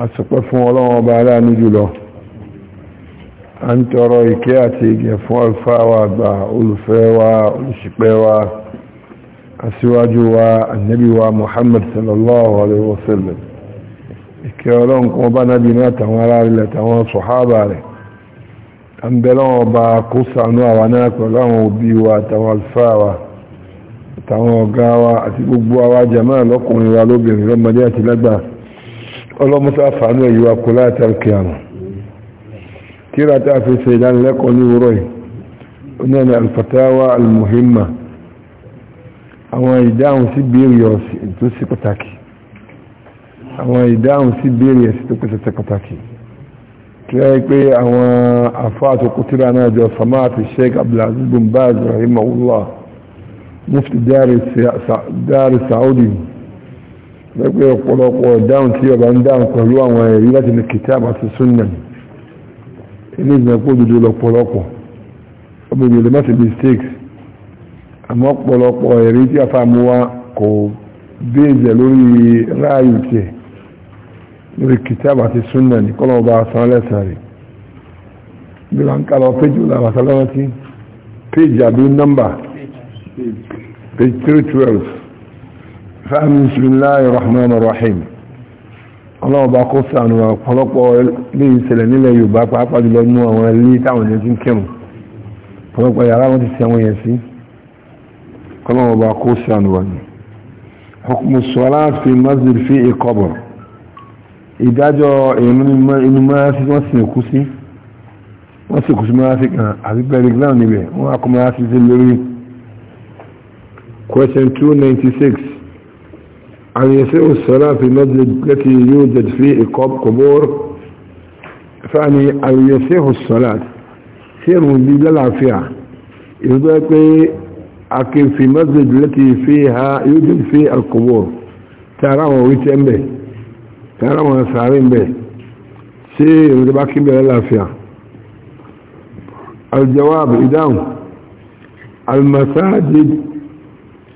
àsìpẹ́ fún ọlọ́wọ́ ọba aláàánú jùlọ a ń tọrọ ìkẹ́ àti ìgẹ̀ fún alfáwà àgbà olùfẹ́ wa olùṣìpẹ̀ wa aṣíwájú wa annabi wa muhammad sallallahu alaihi wasallam ìkẹ́ ọlọ́run kọ́ bá nábi náà tàwọn ará rẹ̀ tàwọn sọ̀hábà rẹ̀ àti gbogbo àwa jàmáà lọ́kùnrin wa lóbìnrin lọ́mọdé àti lágbàá ọlọ́mọta fàánú ẹ̀yí wa kò láti alkiyama kíra ta fi ṣe ìdánilẹ́kọ̀ọ́ ní wúrọ̀ ní ẹ̀nà alfatawa almuhimma àwọn ìdáhùn sí bèèrè ọ̀sìn tó sí pàtàkì àwọn ìdáhùn sí bèèrè ẹ̀sìn tó pèsè pàtàkì tí ó pé àwọn àfáàtò kútíra náà jọ samáàtì sheik abdulaziz bin rahimahullah mufti dari saudi sa, lẹ́gbẹ́ ọ̀pọ̀lọpọ̀ dáhùn tí ọba ń dáhùn pẹ̀lú àwọn ẹ̀rí láti ní kìtàbà àti súnnà ilé ìgbẹ̀kú òdòdó lọ́pọ̀lọpọ̀ ọmọdé lè mọ́sí mistakes àmọ́ ọ̀pọ̀lọpọ̀ ẹ̀rí tí a fa mú wa kò bèèzẹ̀ lórí ráàyù tiẹ̀ lórí kìtàbà àti súnnà ní kọ́lọ̀ ọba san lẹ́sàrẹ̀ bí wọ́n ń kálọ̀ péjì làwọn 312 fáàmì bisimilahi rahman rahim ọlọ́wọ́ bá kó sànù ọ̀pọ̀lọpọ̀ lè ṣẹlẹ̀ nílẹ̀ yorùbá pàápàá jùlọ nú àwọn ilé táwọn ènìyàn ti ń kírun ọ̀pọ̀lọpọ̀ yàrá wọn ti ṣe àwọn yẹn sí ọlọ́wọ́ bá kó sànù wọn ni 296 أن يسيء الصلاة في المسجد التي يوجد فيه إقاب قبور فأني أن يسيء الصلاة سير مبيل العافية يقول أكن في المسجد التي فيها يوجد فيه القبور ترى ويتم به ترى وسارين به سير مباكي بلا الجواب إدام المساجد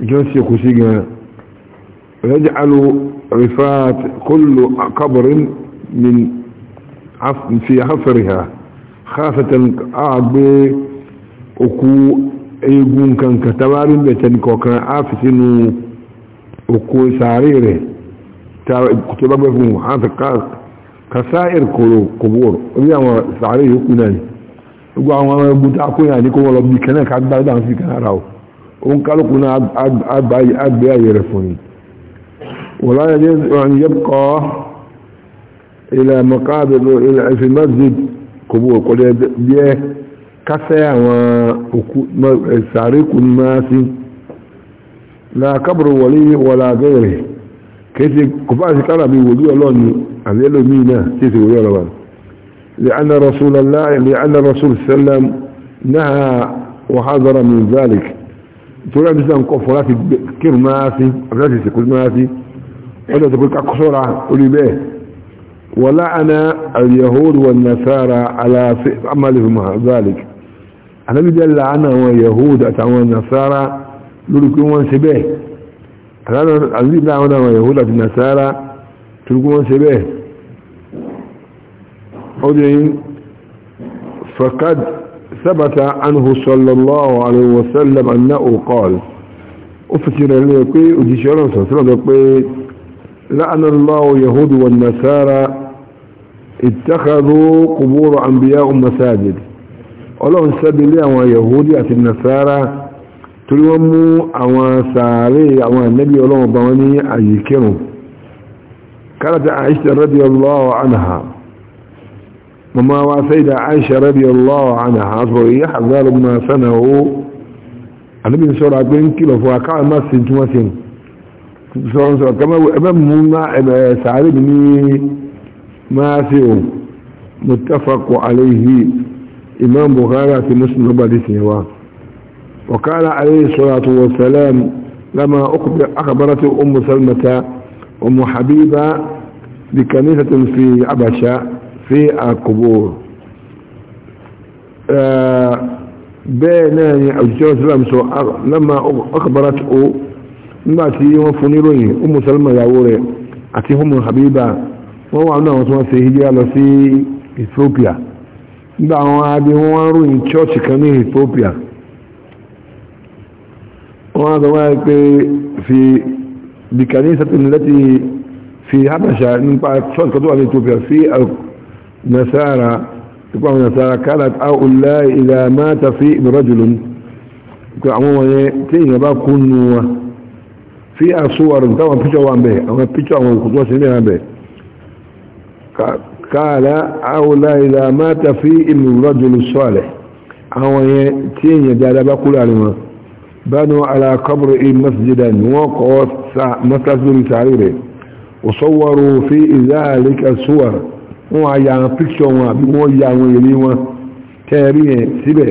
جنس يكوسيجا ويجعل رفات كل قبر من في حفرها خافة أعب أكو أيقون كان كتبار بيتن كوكنا عافسين أكو ساريره كتبار بيكون حافظ كسائر قبور ويا ساريه يكوناني وقعوا ما يقول يعني كو والله بيكناك عدد عدد عدد عدد ومن قالوا كنا عبد عبد ولا يجوز أن يبقى إلى مقابل إلى في مسجد كبر كل بيه كسى وما ساريك الناس لا كبر ولي ولا غيره كيف كفاش كلا بيقولوا لون عليه مينا كيف يقولوا لون لأن رسول الله لأن رسول الله نهى وحذر من ذلك torí àbísí náà ń kọ́ fọ́ láti kírun máa sí àbí láti sèkú máa sí wọ́n dẹ̀ tó pé kakọ́sọ́ra orí bẹ́ẹ̀ wọ́lá àná al-yahudu wa nasara ala amalihum zalik anábìdẹ́ làánà àwọn yahudu àtàwọn nasara lórí pé wọ́n ṣe bẹ́ẹ̀ anábìdẹ́ àwọn àwọn yahudu àti nasara torí pé wọ́n ṣe bẹ́ẹ̀ ثبت عنه صلى الله عليه وسلم أنه قال أفتر لي أديشارا صلى الله عليه وسلم الله يهود والنسارى اتخذوا قبور أنبياء مساجد ولو انسابي لي أما يهودية النسارى تلوموا أما سالي أما النبي ولو مباني أي كانت عائشة رضي الله عنها وما وسيد عائشة رضي الله عنها أصبر يحذر ما سنه النبي صلى الله عليه وسلم كيلو فوقع ما سنتما سن صلى الله كما أمام منا سعيد بن ما متفق عليه إمام بخاري في مسلم بعد سنوا وقال عليه الصلاة والسلام لما أخبرت أم سلمة أم حبيبة بكنيسة في عبشة في القبور بين الجو سلام سو لما اخبرته ما تي وفنيروي ام سلمى ياوري اتي هم حبيبه وهو عنا وسوا في هجره لو في اثيوبيا nígbà àwọn adé wọ́n ròyìn chọ́ọ̀chì kan ní ethiopia wọ́n á zọwọ́ pé fi bìkàní sátìmì láti fi habasha nípa chọ́ọ̀chì kan tó wà ní ethiopia sí nasara ìpàwọn nasara kálá àwùlá ìlà máa tafi ìrọ́jùlùm ìpà àwọn wọ̀nyẹ tí èèyàn bá kú nù wa fi àsúwàrùn táwọn píṣọ wà bẹ̀ àwọn píṣọ àwọn òkùnkùn sí ní àbẹ̀ kálá àwùlá ìlà máa tafi ìrọ́jùlù sọ́ọ̀lẹ̀ àwọn yẹ tí èèyàn dáadáa bá kú láàrin wọn بنوا على قبر مسجدا وقوت مسجد سعيره وصوروا في ذلك الصور wọ́n á ya àwọn píkṣọ wọn àbí wọ́n ya àwọn èrè wọn tẹ́ẹ̀rí ẹ̀ síbẹ̀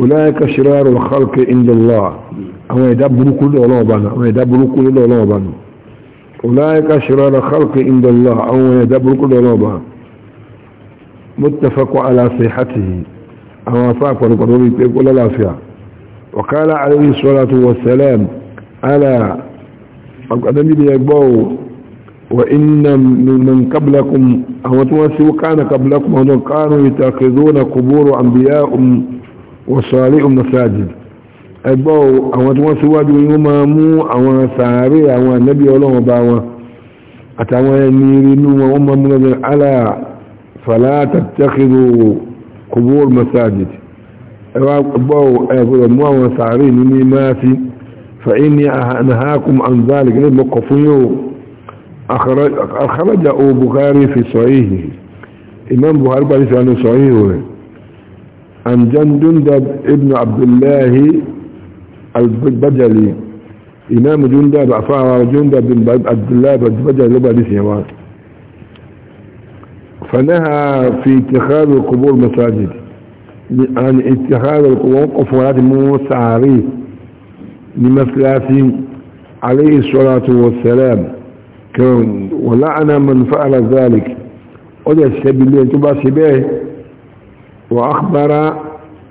ọláyẹ́kà ṣìráàrò khalqi indọ́lá àwọn ẹ̀dá burúkú lọ́lọ́ọ̀bánu àwọn ẹ̀dá burúkú lọ́lọ́ọ̀bánu ọláyẹ́kà ṣìráàrò khalqi indọ́lá àwọn ẹ̀dá burúkú lọ́lọ́ọ̀bánu pé kólá láfíà wakala alayhi salatu wa salam ala ọ̀gbọ̀n وإن من قبلكم هو توسي وكان قبلكم هو كانوا يتخذون قبور أنبياء وصالح مساجد أبو هو توسي واجو يمامو أو ساري أو النبي ولو باوا أتوا يميرنوا وهم من على فلا تتخذوا قبور مساجد أبو أبو مو ساري نمي ماسي فإني أنهاكم عن ذلك نبقى فيو أخرج أبو بخاري في صحيحه إمام بخاري بعد عن صحيحه عن جندب ابن عبد الله البجلي إمام جندب أفعل جندب بن عبد الله البجلي لبا فنهى في اتخاذ القبور مساجد عن يعني اتخاذ القبور قفرات موسى عريف عليه الصلاة والسلام كون ولعن من فعل ذلك وجد السبيلين تبا سبيه وأخبر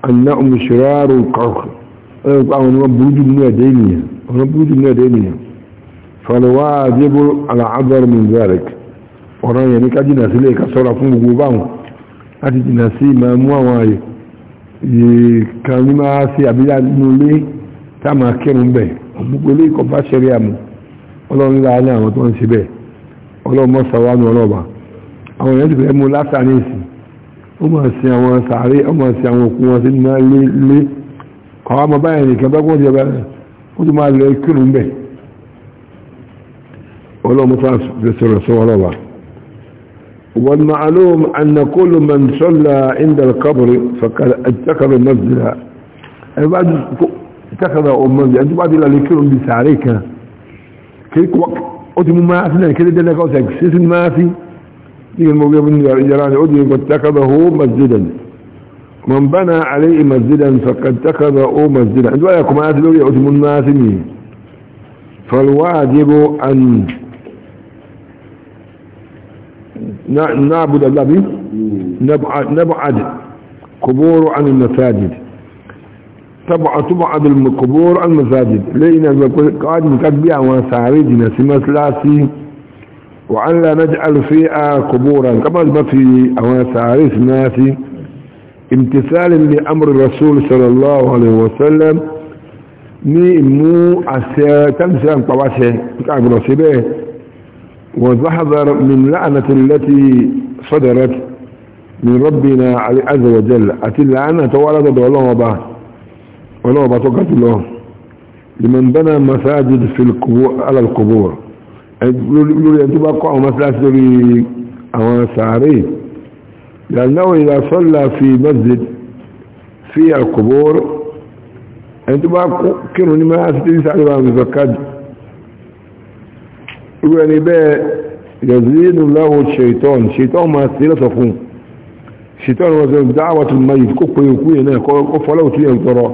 أنهم شرار القرخ أنهم بوجود من دينية أنهم بوجود من دينية فالواجب على عذر من ذلك ورأي يعني كجنا سليك صورة فنقوبان أتي جنا سيما مواواي كان لما سي أبيان نولي تما كيرون به ومقولي كبا شريامو ọlọ́run ńlá ní àwọn tó ń ṣe bẹ́ẹ̀ ọlọ́run mọ́sàwánú ọlọ́ba àwọn èèyàn ti fẹ́ mú lásàánì ìsìn ó mọ̀ sí àwọn sàárè ó mọ̀ sí àwọn òkú wọn sí nínú lé lé kọ́ ọmọ báyìí nìkan bá gbọ́dọ̀ bá ó tún máa lọ kírun bẹ̀ ọlọ́run mọ́sà sọ̀rọ̀ ọlọ́ba والمعلوم أن كل من صلى عند القبر فقد اتخذ مسجدا اتخذ مسجدا أنت بعد إلى لكل بسعريك كيك وقت أتم ما كده ما في دي الموقع واتخذه مسجدا من بنى عليه مسجدا فقد اتخذه مسجدا عندما يقوم آية أتلوه آية أتم ما أفنى فالواجب أن نعبد الله به نبعد قبور عن المساجد تبع طبعا بالمقبور المساجد لينا قاعد مكتبيا وساردنا سمس لاسي وعن لا نجعل فيها قبورا كما ما في وساريس ناسي امتثال لأمر الرسول صلى الله عليه وسلم ني امو اسيرا طواشي طواسي كعب رسيبه وظهر من لعنة التي صدرت من ربنا عز وجل اتي اللعنة توالد دولهم وبعث ولو بطقت له لمن بنى مساجد في القبور على القبور يقولوا لي أنتم أقعوا مساجد أو ساري لأنه إذا صلى في مسجد في القبور أنتم أقعوا لما أستطيع سعيدا بزكاد يعني بقى يزيد له الشيطان الشيطان ما أستطيع فيه الشيطان دعوة الميت كوكو يكوين كوكو فلو تيان ترى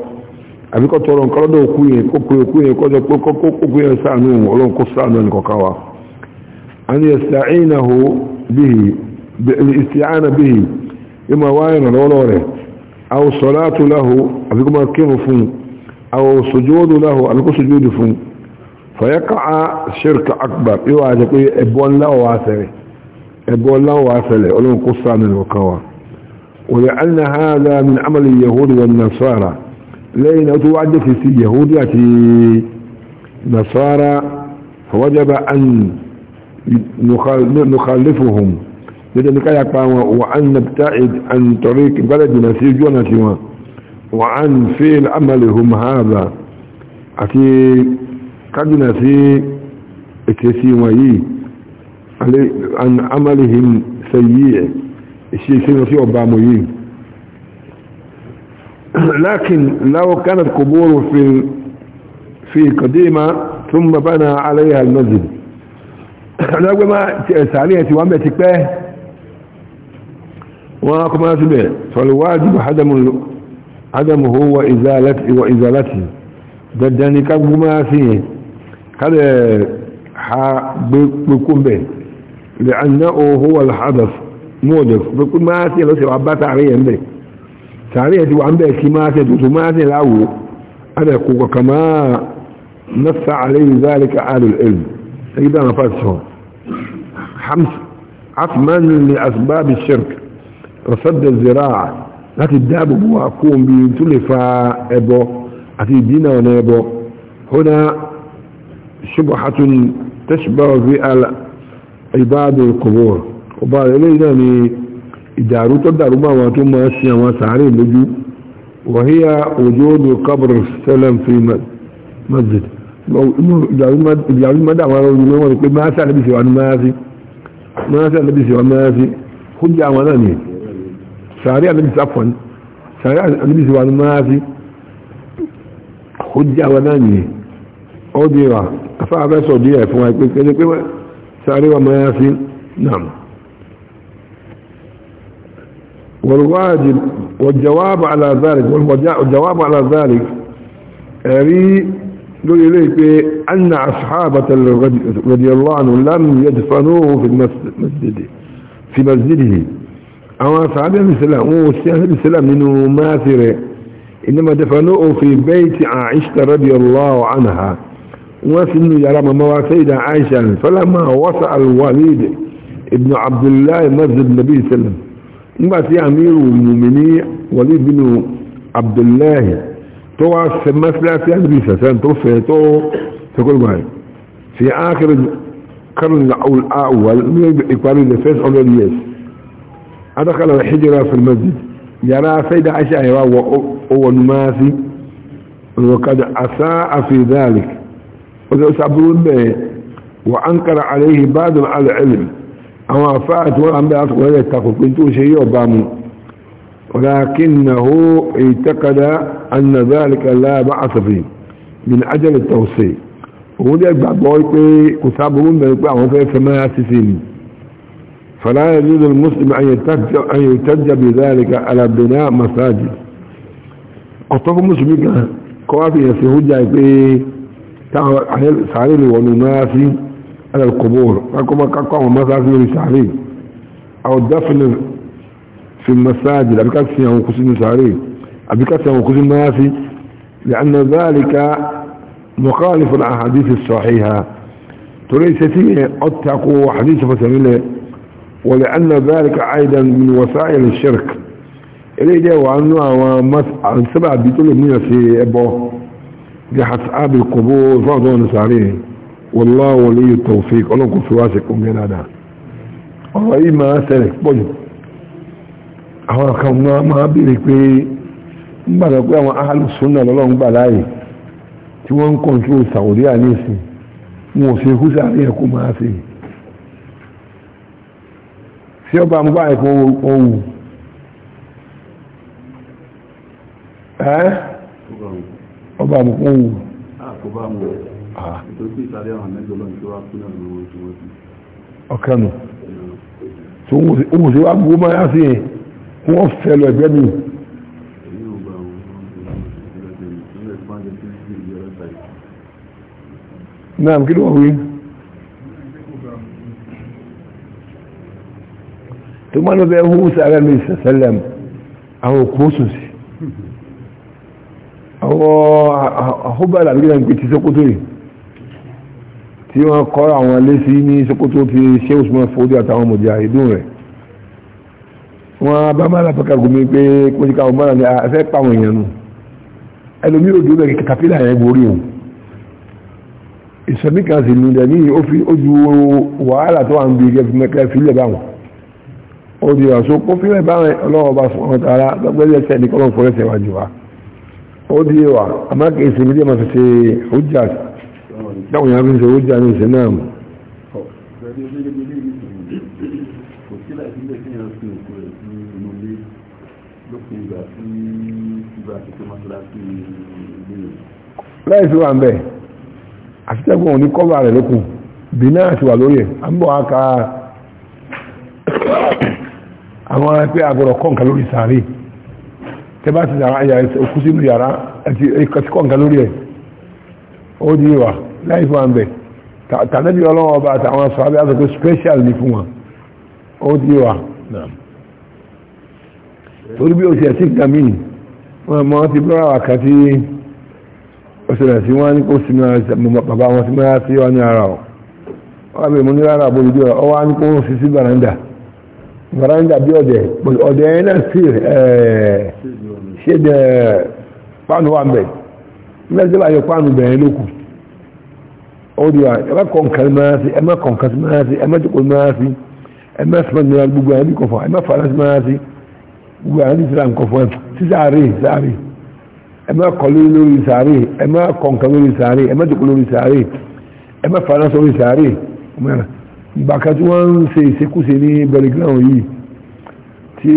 àbí kọ́ tọrọ nǹkan lọ́dọ̀ òkú yẹn kókó òkú yẹn kọjọ pé kókó yẹn sáànù ọlọ́run kó sáànù ẹnì kọ̀ọ̀kan wa a ní ẹ̀sìtàáìnàhó bíhì ìsìtàáìnà bíhì yóò máa wá ìrànlọ́wọ́ rẹ̀ àwọn sọ̀láàtù láhó àbí kó máa kírun fún àwọn sojúwọ́dù láhó àbí kó sojúwọ́dù fún fàyẹ́kà á ṣírkà akbar yóò لين أتواجه في يهودية نصارى فوجب أن نخالفهم لذلك يقام وأن نبتعد عن طريق بلدنا في جونتنا وعن فعل عملهم هذا أتي قدنا في اكتسيمي عن عملهم سيئ الشيء سيئ في أبامي لكن لو كانت قبور في في قديمة ثم بنى عليها المسجد لو ما ساليه توامبه تكبه وكما تبه فالواجب عدم عدمه وإزالته وإزالته دداني كما فيه هذا بكم به لأنه هو الحدث موجف بكل ما فيه لو سيبعبات عليه به tare da an bai kimata da tumata lawo ana kuka kama nassa alayhi zalika alul ilm sai da na fasu hams afman li asbab ash-shirk rasadd az-zira'a lati dabu wa kun bi tulifa ebo ati dina wa ebo huna shubhatun tashbahu fi al ibad al-qubur وبعد إليه يعني ìdàrú tó dàrú bá wọn tó máa sí àwọn sàárè lójú wàhíyà òjòòdò kábùrù sẹ́lẹ̀m fi masjid ìdàrú má dàwọn ará ojúmọ́ wọn pé máa sá lẹ́bí síwá ní máa sí máa sí sá lẹ́bí síwá máa sí kó jẹ́ àwọn náà nìyẹn sàárè àlẹ́bí sáfọ̀ ní sàárè àlẹ́bí síwá ní máa sí kó jẹ́ àwọn náà nìyẹn ó dé wa afáfẹ́ sọ̀dí díẹ̀ fún wa pé kẹ́lẹ́ pé sàárè wa máa sí náà والواجب والجواب على ذلك والجواب على ذلك أري قل إليك أن أصحابة رضي الله عنهم لم يدفنوه في المسجد في مسجده أما صحابة السلام والسياسة السلام إنه ماثرة إنما دفنوه في بيت عائشة رضي الله عنها وسن يرى مواسيد عائشة فلما وصل الوليد ابن عبد الله مسجد النبي صلى الله عليه وسلم نبعث امير المؤمنين وليد بن عبد الله توا سما سلا في ادريس توفي تو تقول معي في اخر القرن الاول اول من اقوال الفيس اون يس ادخل الحجره في المسجد يرى سيد عائشة هو هو الماسي وقد اساء في ذلك وذو سابون وانكر عليه بعض العلم àwọn فأت tí wọ́n rà ń bẹ́ àtùkù rẹ̀ ولكنه اعتقد أن ذلك لا بعث فيه من أجل التوصيل ومن يقبع بويكي كتابهم بيقبع وفي سماها سسين فلا يجوز المسلم أن يتج, أن يتج بذلك على بناء مساجد أطفق مسلمين كوافي يسيهجا يقبع سعير ونماسي على القبور فكما كقوم مساجد الشعري او الدفن في المساجد ابي كاسي او قسم الشعري ابي كاسي او قسم ماسي لان ذلك مخالف الاحاديث الصحيحه تريد فيه اتقوا حديث فسميله ولأن ذلك أيضا من وسائل الشرك اللي جاءوا عنه عن سبع بيتولي من في أبوه جحت أبي القبور فاضوا نساريه والله ولي التوفيق ọlọ́run kò fi wá sí kúnmí dáadáa ọ̀rọ̀ yìí máa ṣẹlẹ̀ pọ̀jù ma kan bèèrè pé ń gbàdọ̀ pé àwọn alùsùnà lọ́lọ́run gbà láàyè tí wọ́n ń Saudi wọn ò ṣe húṣà ní ẹ̀kú máa ṣe sí ọba mú bá ẹ̀kọ́ ohun ọba ohun ọ̀kanu tó wùn sí wá gbogbo máa yá sí yẹn wọ́n fẹ́ lọ ẹgbẹ́ mi náà kí ló wọ́n wí tó máa lọ bẹ ẹ̀hún sàárẹ̀ mi sẹ̀sẹ̀lẹ̀m àwọn òkú oṣù sí àwọn àhóbàlà nígbà tí sọ́kótó yìí tí wọ́n kọ́ àwọn aléṣí ní Sokoto ti ṣé Usman Fodi àtàwọn mujahidun rẹ̀ wọ́n bá má lápá kagumi pé kó ṣe káwọn mọ́ra ní afẹ́ ah, pàwọn èèyàn nù ẹlòmí ò dúró kàfílà yẹn borí o ìsọ̀mí kan sì nílẹ̀ ní ojú wàhálà tó wà ń bi kẹfìlẹ̀ báwọn ó di ọ̀ṣọ́ kó fílẹ̀ báwọn ọlọ́wọ́ bá fún ọ̀tá ara lọ́gbẹ́lẹ́ ní kọ́lọ́ fọ́lẹ́sẹ̀ wájú wa ó di wa àmọ́ kì í sinmi díẹ̀ máa fi ṣe ó jà sí dáwọn yàrá ń ṣe owó jà ní ìṣẹ́ náà mọ̀ láìsí wà ń bẹ̀ àṣìṣẹ́gun òní kọ́bà rẹ̀ lókun bí náà wà lórí ẹ̀ a ń bọ̀ aka àwọn ẹgbẹ́ agbọ̀rọ̀ kọ́ǹkà lórí sàárè yàrá òkú sínú yàrá kọ́ǹkà lórí ẹ̀ ó di wà láì àmì tàbí ọlọ́wọ́ ọba àtàwọn sọ abẹ́ àtàkó special ní fún wọn ó dí wà náà torí bí òṣèrè sí gami wọn mọ́ ti bọ́ra wà kan tí òṣèrè sí wọn ní baba sinmi bàbá wọn sí mẹ́ra ara ọ̀ wọ́n bẹ̀rẹ̀ mú ní rárá àbójúdé ní sí sí baranda baranda bí sí dẹ̀ pánù wà yọ pánù bẹ̀rẹ̀ ọdún wa ẹ má kọ nǹkan máa sí ẹ má kọ nǹkan máa sí ẹ má jókòó máa sí ẹ má sọ ní gbogbo àyàn kọfọ ẹ má fara sí máa sí gbogbo àyàn síra nkọfọ ẹ sí sáré sáré ẹ má kọ lórí lórí sáré ẹ má kọ nǹkan lórí sáré ẹ má jókòó lórí sáré ẹ má fara sórí sáré ìgbà kan tí wọ́n ń ṣe ìṣekúṣe ní bẹ̀rẹ̀gíráwọ̀n yìí tí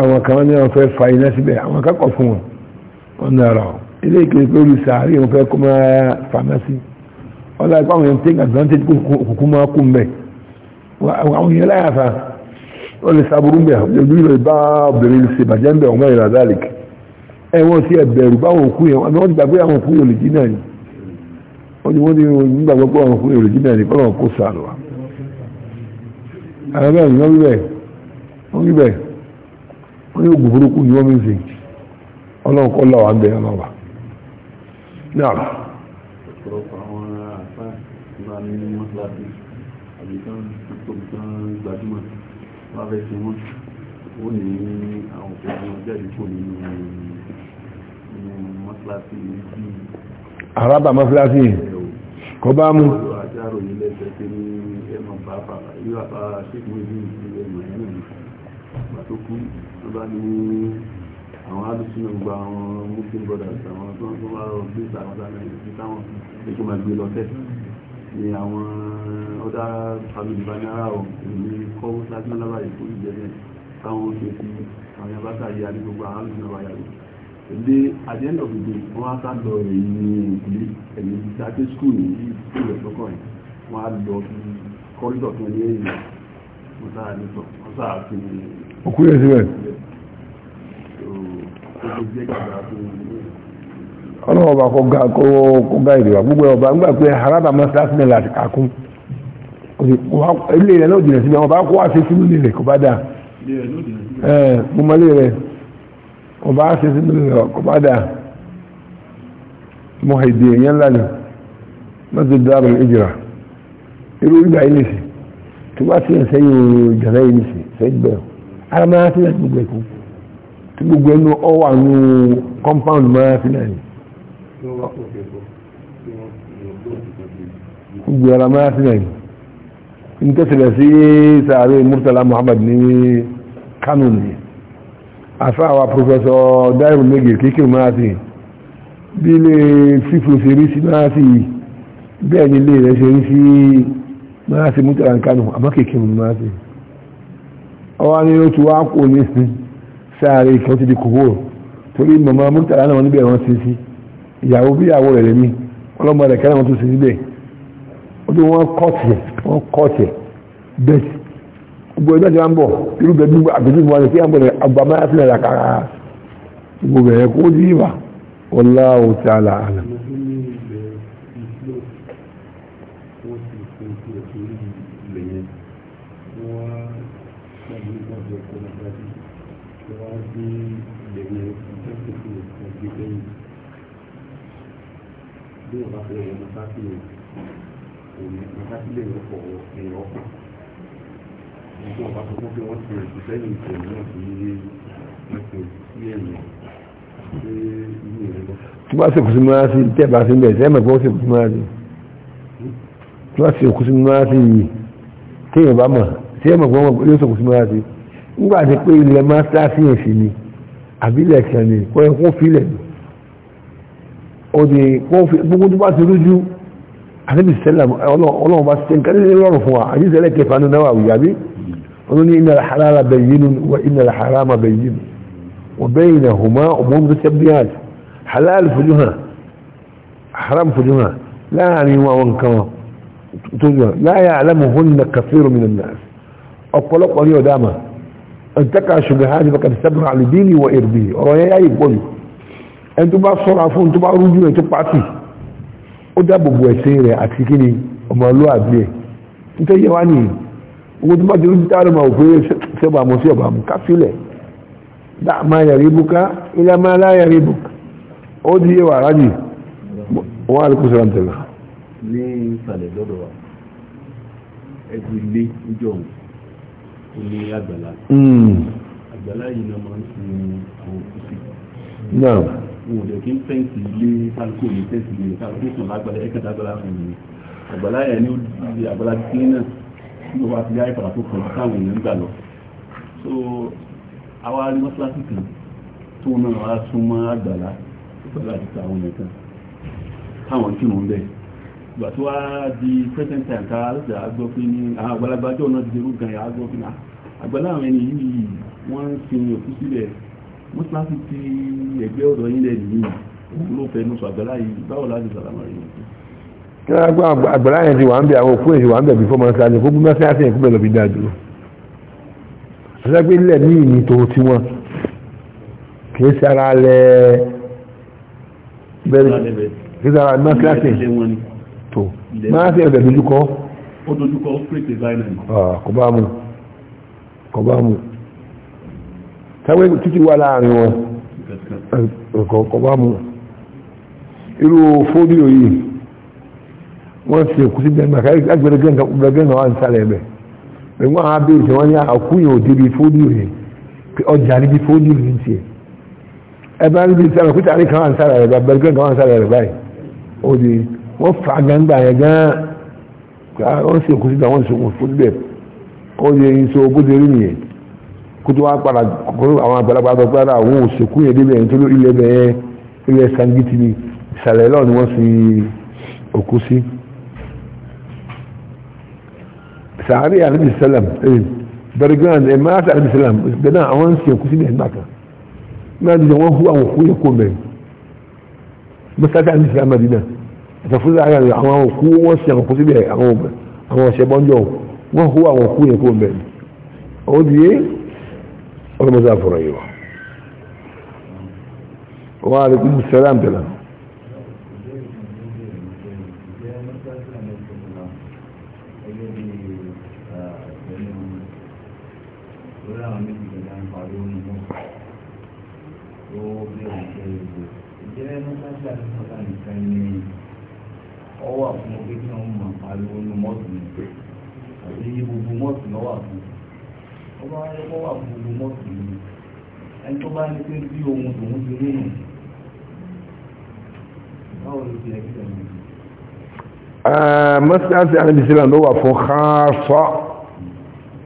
àwọn kan ní wọ́n fẹ́ fa iná síbẹ̀ àwọn akẹ́kọ̀ọ́ fún wọn wọn náà rà ilé ìkìlẹ̀ pé olùsàárì wọn fẹ́ kó máa fa iná sí ọlá ẹ̀kọ́ àwọn èèyàn take advantage kúkú máa kú mbẹ̀ àwọn èèyàn láyà fa wọ́n lè sábúrú mbẹ̀ ojú ìlọ ìbá obìnrin ṣe bàjẹ́ mbẹ̀ ọmọ ìlà dalek ẹ wọ́n sí ẹ̀bẹ̀rù báwọn òkú yẹn wọ́n ti gbàgbé àwọn òkú yẹn olùjí náà ni wọ́n ti wọ́n ti ń gbàgbọ́ pé àwọn òkú yẹn olùjí náà ni kọ́ lọ́wọ́ kó sàlù wa. àwọn bẹ́ẹ̀ ni wọ́n wí bẹ́ẹ̀ wọ́n yóò gbòòrò kú ni wọ́n mi ń sìn kọ́ lọ́wọ́ à ń bẹ̀ àbí tán gbajúmọ̀ wọ́n fẹ́ ṣe wọ́n ó ní àwọn òṣèlú ọjọ́ ìdíkò nínú mọ́sálásí bí àrábà mọ́sálásí kọ bá mú àjárò ilẹ̀ ẹ̀fẹ́ pé ní ẹmọ bàbá yóò àbá ṣégun ìlú ìlú ẹmọ ẹ̀nà ìgbà tó kú tó bá ní àwọn alùsùn gba àwọn muslim brothers àwọn tó ń bá rọ bí ìsàwọn sáà nàìjíríà táwọn ètò máa gbé lọ tẹ́sí ni àwọn ọ̀dá family bá ọ̀ èmi kọ́ lágbọ́n lábàáyé fún táwọn ó ṣe sí àwọn yabata yìí àti gbogbo àwọn àlùfẹ́ náà èdè àti end of the day wọ́n á sá lọ èyí ní ìdílé ẹ̀mí ìdílé àti school ní school ẹ̀sọ́kọ̀ yìí wọ́n á lọ sí kọ́rídọ̀ tó ní èyí wọ́n sáà ní sọ wọ́n sáà fi. òkú yẹn síbẹ̀. ó ti jẹ́ kàdá ọlọ́wọ́ bá kọ́ ga kó ga èdè wa gbogbo ọba nígbà pé harada mọ́sálásí náà láti kàkún ilé rẹ̀ náà jìnà síbi ọba kó wá sí sínú ilé rẹ̀ kò bá dáa ẹ̀ mo mọ ilé rẹ̀ ọba sí sínú ilé rẹ̀ kò bá dáa mo hèdè èèyàn ńlá ni wọ́n ti dára ìjìrà irú ìgbà yìí nìsí tó bá sí ẹ̀sẹ̀ yóò jẹ̀rẹ̀ yìí nìsí sẹ́yìn bẹ́ẹ̀ ara máa sílẹ̀ gbogbo ẹ̀kú tí gbogbo ẹnu ọwà nù compound máa sílẹ̀ yìí gbogbo ara máa sílẹ̀ ní tẹ́sílẹ̀ sí sàárè murtala muhammad ní kánò ní àfáàwà pòfẹ́sọ̀ dáìrù méje kéèkéè máa sí bí ilé fífò ṣe rí sí máa sí bẹ́ẹ̀ ni ilé rẹ̀ ṣe rí sí máa sí murtala kánò àmọ́ kéèkéè máa sí ọwá ni ó ti wá kò ní sí sàárè kan ti di kòkó torí màmá murtala náà wọ́n níbẹ̀ wọ́n ti sí ìyàwó bí ìyàwó rẹ̀ lèmi ọlọ́mọ rẹ̀ kẹ́rẹ́ wọn tó sì síbẹ̀ ó tó wọ́n kọ́ọ̀tì wọ́n kọ́ọ̀tì bẹ́ẹ̀ gbogbo ẹgbẹ́ tí wọ́n ń bọ̀ irú bẹ́ẹ̀ gbogbo àgbẹ̀tí wọn kí wọ́n bẹ̀rẹ̀ agbàmọ́ Thank you bí wọn bá fi ẹyọ mọta sí o òní mọta sí lè yọpọ ẹyọ ọkàn wọn tí wọn bá fọwọ́ pé wọ́n ti rẹ̀ sí sẹ́yìn ìṣẹ̀ náà sí ilé ẹ̀kọ́ sí ẹ̀yìn ṣé inú rẹ̀ lọ. tí wọ́n á sì kù sí mọ́ra sí tẹ́ bá sí bẹ̀ sẹ́yìn mọ̀ pé wọ́n sì kù sí mọ́ra sí tí wọ́n á sì kù sí mọ́ra sí yìí téèyàn bá mọ̀ sẹ́yìn mọ̀ pé wọ́n yóò sì kù sí mọ́ra sí nígbà tí pé ilẹ̀ máa sá sí ẹ̀sìn ni àbílẹ̀ kan ni kọ́ ẹ̀kún fílẹ̀ ni òdì gbogbo tó bá ti rújú àníbi sẹ́lẹ̀m ọlọ́run bá ṣe nǹkan nílé rọrùn fún wa àjíṣẹ́lẹ̀ kẹfà ní náwà wùyàbí ọdún ní innal halala bayyinun wa innal harama bayyinun wa baynahuma umurun mutashabihat halal fujuha haram fujuha láàrin wọn wọn kan tó yọ la ya'lamuhunna kathirun minan nas ọ̀pọ̀lọpọ̀ ní ọ̀dàmà an taka shubuhat faqad sabra li dini wa irbi ọ̀rọ̀ yẹn yáyì pọ̀jù ẹni tó bá sọ́ra fún tó bá rújú ẹ̀ tó pàtì ó dábòbò ẹ̀sìn rẹ̀ àti kí ni ọmọlúwàbí ẹ̀ nítorí yẹ wá nìyí owó tó bá ti rújú táàrọ̀ máa òfin sẹ́bà mọ́ sí ọ̀bà mú ká sílẹ̀ dá máa yàrí búká ilé máa láyàrí búká ó di yẹ wà rájì wọ́n àríkú sọ́ra tẹ̀lé. ní ìsàlẹ̀ lọ́dọ̀ wa ẹgbẹ́ ilé níjọ òun ní àgbàlá hmm. àgbàlá yìí náà máa ń sin àwọn òkú sí wọn ò lè kí ń fẹ́ǹsì ilé kálukú ò ní fẹ́ǹsì ilé kálukú sùn lágbàlá ẹ̀kẹ́ dágbàlá fún mi àgbàlá yẹn ní ó di àgbàlá gbé náà ló wá sí ayé pàtàkó kan táwọn èèyàn ń gbà lọ so àwa rí mọ́sálásí kan tó náà wá súnmọ́ àgbàlá àgbàlá ti ta àwọn èèyàn kan táwọn kí wọn bẹ́ẹ̀ ìgbà tó wá di present time ká lọ́sẹ̀ àgbọ̀ pé ní àwọn àgbàlagbà náà ti dérú gan àgbọ̀ pé ní ah, àgbàlá àwọn ẹni yìí wọ́n ń sin òkú sílẹ̀ mọ́sálásí ti ẹgbẹ́ ọ̀dọ̀ yín lẹ́nu yìí òun ló fẹnu sọ àgbàlá yìí báwo láti sàlámà yìí. kí wọ́n gbọ́ àgbàlá yẹn ti wà ń bẹ àwọn òkú èsì wà ń bẹ bí fọ́mọ sáájú kó bí mọ́sálásí yẹn kó bẹ̀rẹ̀ lọ́bi dáa dúró. àtàgbé ilẹ̀ ní ìní tó ti wọn kì í sara lẹ bẹ́ẹ̀ kì í sara mọ́sálásí tó mọ́sálásí yẹn bẹ̀ dojúkọ. ó dojúkọ ó pèsè báyìí náà. Ah, kò táwọn èkó títí wà láàrin wọn ọ̀kọ̀ọ̀kọ̀ bá mú irú fódíò yìí wọ́n ti kú sí denmark agbẹ̀rẹ̀gẹ́ náà wà ń sálẹ̀ ẹ̀bẹ̀ ẹ̀wọ́n á bèèrè tí wọ́n ní àkúyàn òde bíi fódíò yìí ọjà níbi fódíò yìí tiẹ̀ ẹ bá níbi sálẹ̀ kúta ní kan sálẹ̀ ẹ̀bẹ̀ agbẹ̀rẹ̀gẹ́ náà wà sálẹ̀ báyìí ó di wọ́n fà gbangba yẹn gan wọ́n ti kú sí denmark wọ́n ti kú sí bẹ́ẹ̀ ó di kótó wa padà kóró àwọn àgbàlagbà tó padà àwọn òsèkú yẹn débẹ̀ yẹn tó ló ilẹ̀ bẹ́ẹ̀ ilẹ̀ sangiti ni ìsàlẹ̀ lọ́ọ̀ ni wọ́n fi òkú sí. sàárì salam sẹlẹm eh, bẹrẹgán ẹ eh, máa sàárì sẹlẹm bẹ́ẹ̀ àwọn ń sèkú sí bẹ́ẹ̀ nàkà náà dídì wọ́n hu àwọn òkú yẹn kó mẹ́rin mẹ́sàkà àlejò sẹlẹm àdínà àtàfúnṣe àyà àwọn òkú wọ́n sè àwọn òkú sí bẹ́ẹ̀ àwọn ọ̀sẹ̀ bọ́njọ́ wọ́n hu àwọn òkú yẹn kó mẹ́rin ó di ọkọ̀ mọ́sá fọ̀rọ̀ yìí wọ́n wọ́n alaikum salam tẹ́lá ọwọ́ àfún tí wọ́n mọ̀ pariwo ní mọ́ọ̀tún àti gbogbo mọ́ọ̀tún lọ́wọ́ àfún ọba ẹ̀kọ́ wà gbogbo mọ́tò yìí ẹni tó bá ní pé bí ohun tòun ti rí nù báwo ló ti rẹ̀ kí tẹ̀lé mọ́síláṣí alẹ́bìsílà ló wà fún ṣáàṣọ́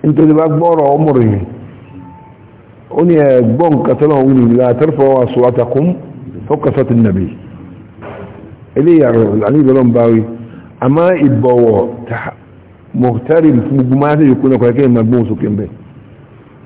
nítorí bá gbọ́rọ̀ ọmọrìn ó ní ẹgbọ́n katọ́lọ̀ wílù látẹ́rẹ́fọ́ aṣọ àtàkùn fọ́kàsọ́tì nàbí ilé àlébìlọ́n bá rí àmá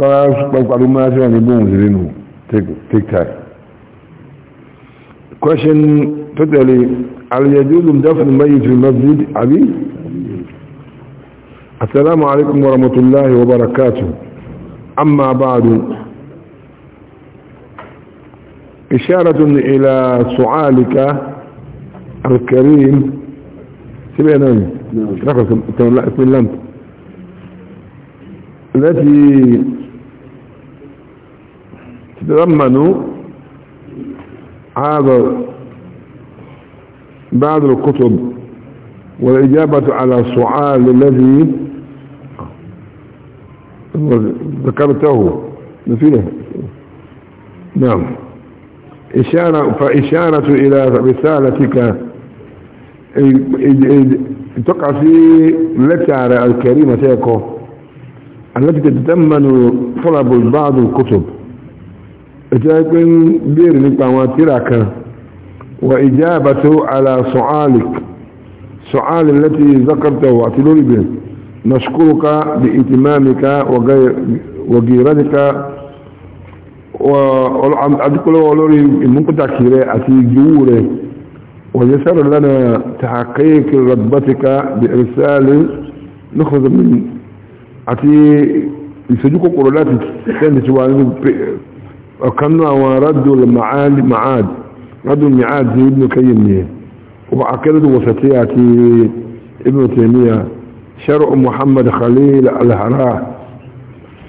lọ́wọ́ pẹ̀lú máa tí wà ní bóhùn sí nínú take time question tó tẹ̀lé alìyàjúlù dáfin mayi fi masjid abi assalamu alaikum wa rahmatullahi wa barakatuh amma ba'du إشارة إلى سؤالك الكريم سبعنا نعم رقم التي تتضمن هذا بعض الكتب والإجابة على السؤال الذي ذكرته نفيله نعم إشارة فإشارة إلى رسالتك تقع في لتعرى الكريمة التي تتضمن طلب بعض الكتب ẹ̀tọ́ pé ń bèèrè nípa àwọn tíra kan wà ìjáàbàtò ala sọ̀álìk sọ̀álì láti zakarta wà ti lórí bẹ̀ nashkuruka bi itimamika wa giranika wa adúkọlọ́wọ́ lórí ìmúkútàkì rẹ̀ àti ìgbìwú rẹ̀ wà yẹ sẹ́rọ̀ lánà tàkàkì rabbatika bi irsali nukhzamin àti ìṣojú láti tẹ́lẹ̀ wà nínú وكان هو رد المعاد رد المعاد زي ابن كيم وعقيدة وسطية ابن تيمية شرع محمد خليل الهراء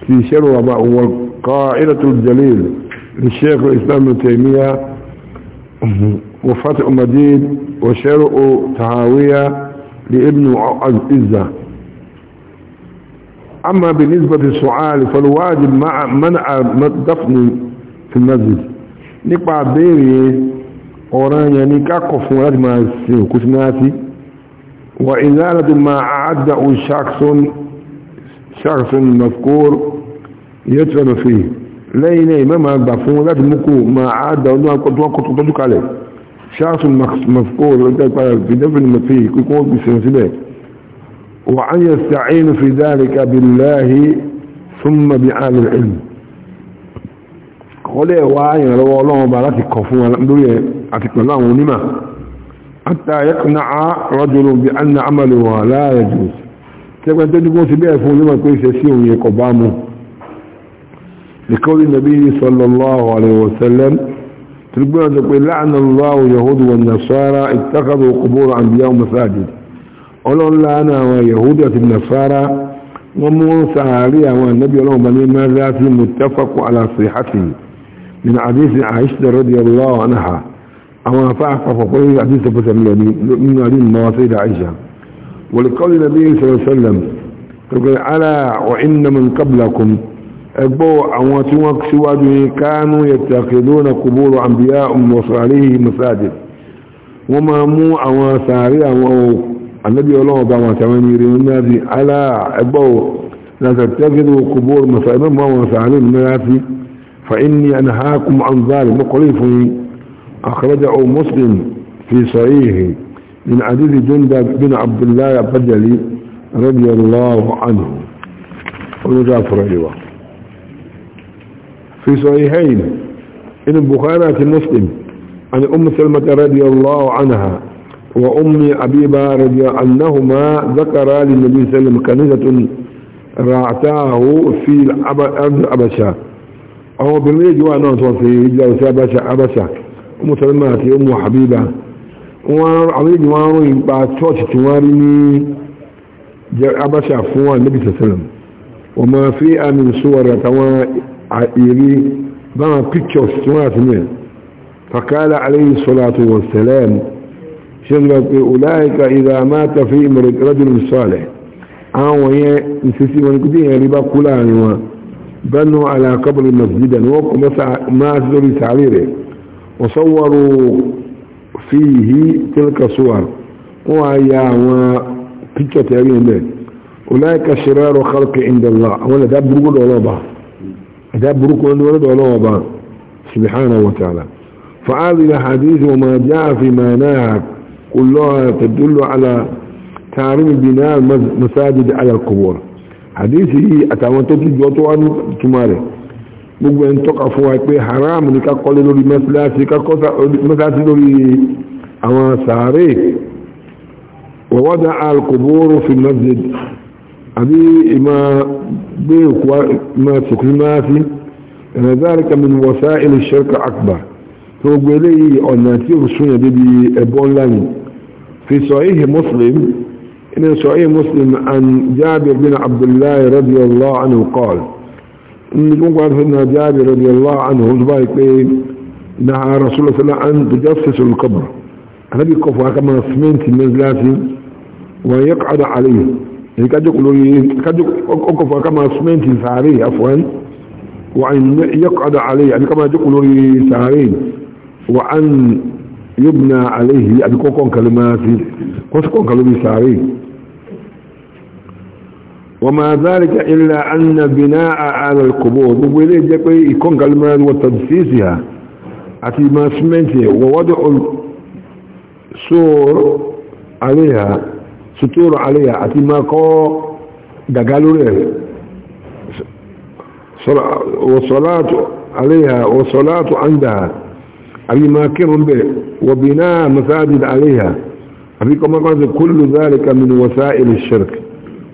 في شرع وقائلة الجليل للشيخ الإسلام ابن تيمية وفتح مديد وشرع تهاوية لابن عزة أما بالنسبة للسعال فالواجب مع منع دفن في المسجد nípa àbẹ́rẹ̀ ọ̀ràn yẹn ni kákọ̀ fún láti máa ṣe òkú sí náà sí wà ìzáàlàtí máa àádà ò ṣàkṣọ́n mafkór yẹ́ tí wọ́n fi lẹ́yìn náà ìmẹ́ máa gbà fún láti múkú máa àádà ọdún akọ́tún tọ́jú kalẹ̀ ṣàkṣọ́n mafkór lọ́jọ́ ìpàdà fìdẹ́fìn mafi kíkún òbí sẹ́yìn síbẹ̀ wà á yẹ sàáyìn fi dáríkà bí láhí fún mabi alìlú wọ́n lè wá ìrànlọ́wọ́ ọlọ́run bá láti kọ̀ fún wa lórí ẹ̀ àti pẹ̀lú àwọn onímọ̀ àti àyẹ́kùnà á rọ́jòrò bí a na amàlè wà láàrẹ̀ jù tẹ́gbẹ́ tó dúkọ́ sí bẹ́ẹ̀ fún onímọ̀ pé ìṣẹ́ sí òun ẹ̀kọ́ bá mú lẹ́kọ́rí nàbí sallallahu alaihi wasallam tìrìgbọ́n tó pé láàánà lọ́wọ́ yahudu wa nasara ìtàkàdù kòbóró àbíyá masajid ọlọ́run láàánà àwọn yahudu àti nasara wọ́n mú sàárì àwọn ànábì ọlọ́run bá ní mẹ́rin láti muttafaqu ala sihhatihi من حديث عائشة رضي الله عنها أما فأعفى فقوله عديث بسملوني من هذه المواصيل عائشة ولقول النبي صلى الله عليه وسلم تقول ألا وإن من قبلكم أبو أمواتهم سواده كانوا يتخذون قبور أنبياء وصاليه مساجد وما مو أواساري أو النبي الله بما تمني هذه ألا أبو لا تتخذوا قبور مساجد وما وصاليه مساجد فإني أنهاكم عن ذلك مقريف أخرجه مسلم في صحيحه من عديد جندب بن عبد الله البجلي رضي الله عنه ونجاف رجوة أيوة. في صحيحين إن البخاري مسلم عن أم سلمة رضي الله عنها وأم أبيبة رضي عنهما ذكرا للنبي صلى الله عليه وسلم كنيسة رأتاه في الأرض أبشا àwọn obìnrin méjì wà náà tó fi ìjọ sí abáṣà abáṣà ọmọ sọlọ́mà àti ọmọ àbíbà àwọn èjì wọn ròyìn pa church tí wọ́n rí ní abáṣà fún wa níbi sẹ̀sẹ̀lẹ̀ wọ́n máa fi àmì ìṣòwòrò àtàwọn àìrí báwọn pictures tí wọ́n àti mẹ́ فقال عليه الصلاة والسلام شغلت أولئك إذا مات في رجل صالح àwọn yẹn ìsẹsí wọn kúdí yẹn rí bá kú láàrin wọn بنوا على قبر مسجدا وقوا ما أسدر وصوروا فيه تلك الصور وعيا وبيتشة تاريخ به أولئك شرار خلق عند الله ولا دبر برقل ولا بعض ده برقل ولا سبحانه وتعالى فهذه حديث وما جاء في معناها كلها تدل على تعريم بناء المساجد على القبور àdéhìsì yìí àtàwọn tó tún jọ tó wá ní túmọ̀ rẹ̀ gbogbo ẹni tọ́ka fún wa pé haram ní ká kọ́lé lórí mẹ́sàlásì ká kọ́ mẹ́sàlásì lórí àwọn sàárè wa wada al-qubur fi masjid àbí ìmọ̀ gbé òkú ma sùkúrú máa fi ẹ̀rẹ̀ dhalika min wasa'il ash-shirk akbar tó gbogbo eléyìí ọ̀nà tí ó sún yẹn débi ẹ̀bọ́ ńlá ni fi sahih Muslim من سعي مسلم عن جابر بن عبد الله رضي الله عنه قال يقول أن جابر رضي الله عنه نهى رسول الله صلى الله عليه وسلم أن تجسس القبر النبي كفوا كما سمنت مزلاتي ويقعد عليه يعني كاد يقولوا لي كاد يقفوا كما سمنت ساري عفوا وأن يقعد عليه يعني كما يقولوا لي ساري وأن يبنى عليه يعني كوكو كلماتي كوكو كلماتي ساري وما ذلك إلا أن بناء على القبور وإليه جاء يكون كالمان وتبسيسها أتي ما سمعته ووضع السور عليها ستور عليها أتي ما قو دقالوا له وصلاة عليها وصلاة عندها أبي ما كرم به وبناء مساجد عليها أبي كما قلت كل ذلك من وسائل الشرك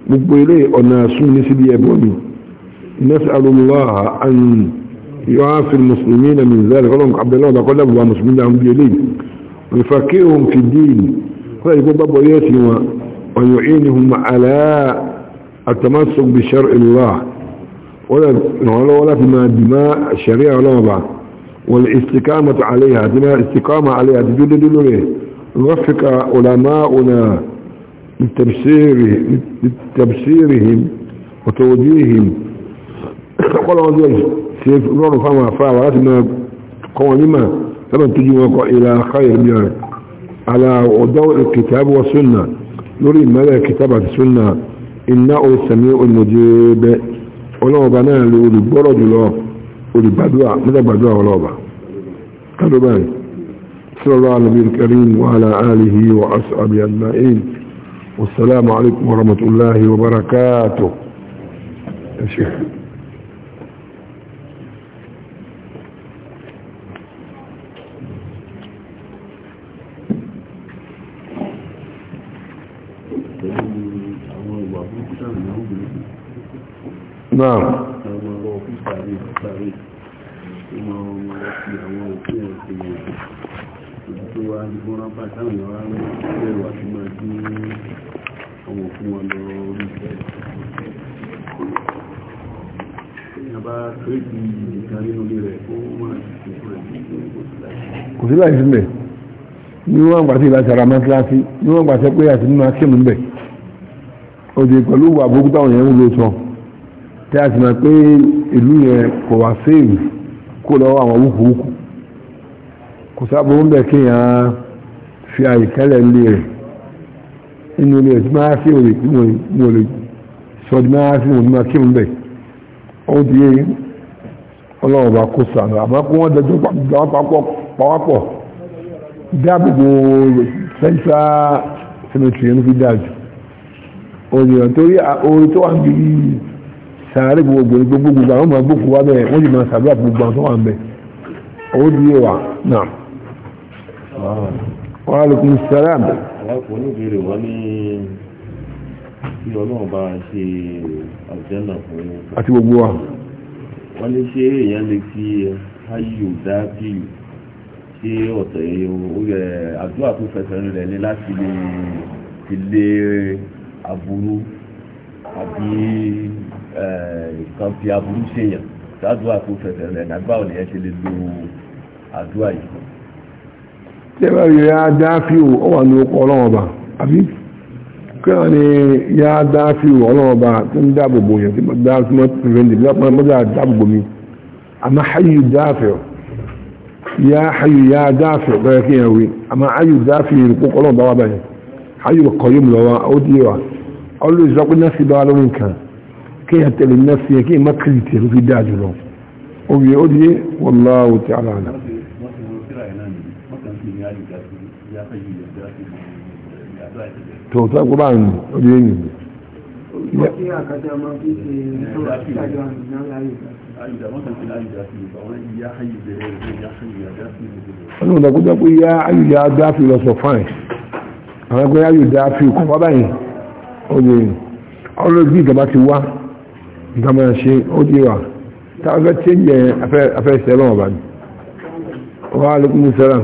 gbogbo ilé ọ̀nà sún ní síbi ẹ̀bọ́ mi nas'alullaha an yu'afi al-muslimina min zalik ọlọ́run abdullahi ọba kọ́lá bùbá mùsùlùmí náà ń bí ilé yufaqihum fi din kọ́lá ìgbó bá bọ̀yẹ́ sí wọn wọ́n yu'inihum ala at-tamassuk bi shar'illah wọ́n lọ́wọ́ láti máa bì má ṣẹ̀rí ọlọ́ọ̀bà wal istiqamatu alayha àti máa istiqama àti dúdú lórí rọ́fíkà ulama'una لتبشيرهم وتوجيههم قال الله سيف نور فما ولكن قوانما لما تجي الى خير بيان على ضوء الكتاب والسنه نريد ماذا كتابة السنة إنه السميع المجيب ولو بنا برد له بدوى ماذا ولو ولوبا قالوا بان صلى الله على النبي الكريم وعلى آله وأصحابه أجمعين والسلام عليكم ورحمة الله وبركاته يا شيخ نعم Thank you. fún wọn lórí kò sí láì sílẹ̀ ní wọ́n gbà sí ìlàjì ara mọ́síláṣí ní wọ́n gbà sẹ́ pé àti nínú akínú bẹ̀ òdì pẹ̀lú wà gbogbo táwọn yẹn ń lo sọ tí a sì máa pé ìlú yẹn kò wá séèwì kó lọ́wọ́ àwọn wúkúwúkú kò sábò ń bẹ̀ kéèyàn fi àyíkẹ́lẹ̀ lé rẹ̀ inú ilé ẹ̀tí máa fi òye tí mo lè sọ di máa fi òun máa kí òun bẹ̀ ó di eyín ọlọ́run bá kó sàánú àmọ́ kó wọ́n dẹjọ́ pàwápọ̀ dáàbòbò sẹ́ńtà sẹ́mẹtìrì ẹni fi dáàjù òyìnbó torí orí tó wà ń bí sàárè gbogbo gbogbo gbogbo àwọn ọmọ gbogbo wa bẹ́ẹ̀ wọ́n sì máa sàdúrà gbogbo àwọn tó wà ń bẹ̀ ó di ewa náà wàhálà kùn alákùn oníbèrè wọ́n ní kí ọlọ́run bá ṣe àjẹ́nà fún àti gbogbo wa wọ́n ní ṣé èèyàn lè fi ayò dá bíyù ṣé ọ̀tẹ̀ ẹ̀ àdúrà tó fẹsẹ̀ rẹ̀ ni láti lè fi lé aburú àbí kan fi aburú ṣèyàn ṣáàdúrà tó fẹsẹ̀ rẹ̀ nàgbà ọ̀nìyàn ṣe lè lo àdúrà yìí tẹ́bà rí ya dáfíò ó wà ní okò ọlọ́ọ̀bà àbí kíra ni ya dáfíò ọlọ́ọ̀bà tó ń dáàbòbò yẹn tí dáàbòbò preventive lọ́pọ̀ mọ́já dáàbòbò mi àmá hayu dáfíò ya hayu ya dáfíò bẹ́ẹ̀ kí yẹn wí àmá hayu dáfíò ní kókò ọlọ́ọ̀bà wà báyìí hayu kọ̀yìm lọ́wọ́ ó di wa ọlọ́ ìzọ́kú náà sì bá wa lórí nǹkan kí tẹ̀lé náà yẹn kí má kìrìtì fi ó di tó tó ẹ̀kọ́ bá ń ojú ẹ̀yìn ọdún ọ̀dọ̀ kújọ́ pé yá ayùdá dáfì lọ sọ fáìn àwọn ẹgbẹ́ ayùdá fi kọ́ bá báyìí ojú ẹ̀yìn ọlọ́gbí ìjọba ti wá ìjọba ṣe ojú wa táwọn fẹ́ tí ń jẹ afẹ́ ìṣẹ́lọ́wọ̀ bá ní wà á lókún sẹ́ràn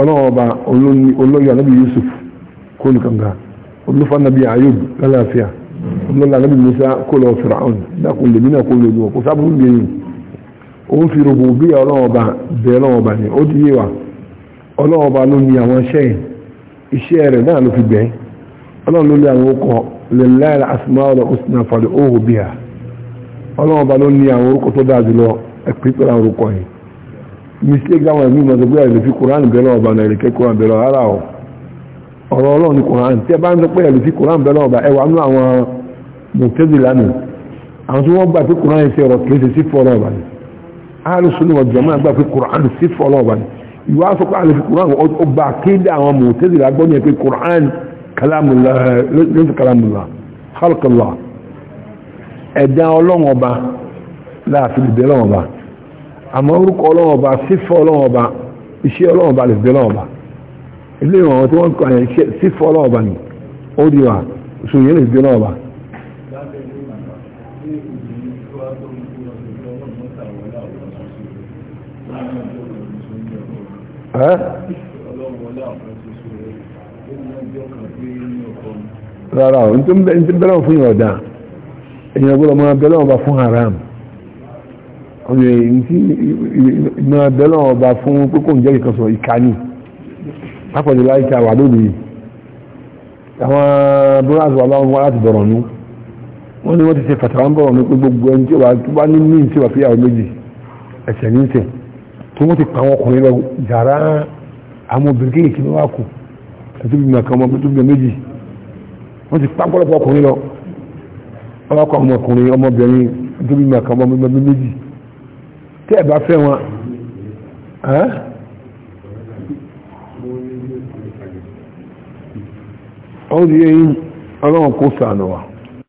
ọlọ́ọ̀ba olóyè anábì yusuf kóòlù kanga olúfa nàbí ayub lálàáfíà olóyè anábì musa kóòlù ọ̀fìràún dákun lèmi náà kóòlù ojú ọkọ̀ sábà ń gbẹ̀yìn òun fi rògbò bí ó ti yé wa ló ní àwọn iṣẹ́ yìí iṣẹ́ rẹ̀ náà ló fi bẹ̀ ọlọ́run ló ní àwọn orúkọ lillahi al-asma'ul husna fad'uhu biha ọlọ́ọ̀ba ló ní àwọn orúkọ tó dáa jùlọ ẹ̀pẹ́ pẹ̀lú àwọn orúkọ yìí mistake dáwọn ẹ̀mí mọ̀ sọgbé ẹ̀lẹ́fi koran bẹ̀rẹ̀ ọba náà ẹ̀lẹ́kẹ́ koran bẹ̀rẹ̀ ara ọ̀ ọ̀rọ̀ ọlọ́run ni koran tí ẹ bá ń sọ pé ẹ̀lẹ́fi koran bẹ̀rẹ̀ ọba ẹwà nú àwọn mọ̀tẹ́dì lánàá àwọn tí wọ́n gbà pé koran ẹ̀sẹ̀ ọ̀rọ̀ kìí ṣe sí fọ́ọ̀rọ̀ ọba ni alùsùn ni wọ́n jẹ́ máa gbà pé koran sí fọ́ọ̀rọ̀ ọba ni ìwà sọ pé ẹ̀lẹ́fi koran ó gbà kéde àwọn mọ̀tẹ́dì lágbọ́n yẹn pé ẹ̀dá ọlọ́run ọba láàfin ìbẹ̀rẹ̀ ọba àmọ́ orúkọ ọlọ́wọ́ ọba sífọ́ ọlọ́wọ́ ọba iṣẹ́ ọlọ́wọ́ ọba lè bẹ́lọ́ ọba ilé ìwọ̀n tí wọ́n kọ́ àyàn sífọ́ ọlọ́wọ́ ọba ni ó di wa sòyè lè bẹ́lọ́ ọba. rárá o ní tí ń bẹ́lọ́ fún yàn ọ̀dà gbọ́dọ̀ máa bẹ́lọ́ ọba fún haram ọ̀nà èyí tí ìmọ̀ ẹ̀bẹ̀ náà ọba fún kókò ń jẹ́ ìkan sọ ìkànnì lápọ̀jù láìka wà lónìí àwọn búrọ́dù wa láwọn wá láti bọ̀rọ̀ nú wọ́n ní wọ́n ti ṣe fàtàwà ń bọ̀rọ̀ nú pé gbogbo ẹni tí wà ní míì tí wà fi àwọn méjì ẹ̀sẹ̀ ní tẹ̀ tí wọ́n ti pa àwọn ọkùnrin lọ jàrá àwọn obìnrin kéèké ló wà kù ẹtú bí màkà ọmọ tó bí méjì wọ́n ti pa ọkùnrin lọ wọ́n ọmọkùnrin ọmọbìnrin tó bí màkà ọmọ méjì tẹ́ ẹ̀ bá fẹ́ wọn ọ̀rọ̀ yẹn ọlọ́run kó sànù wa.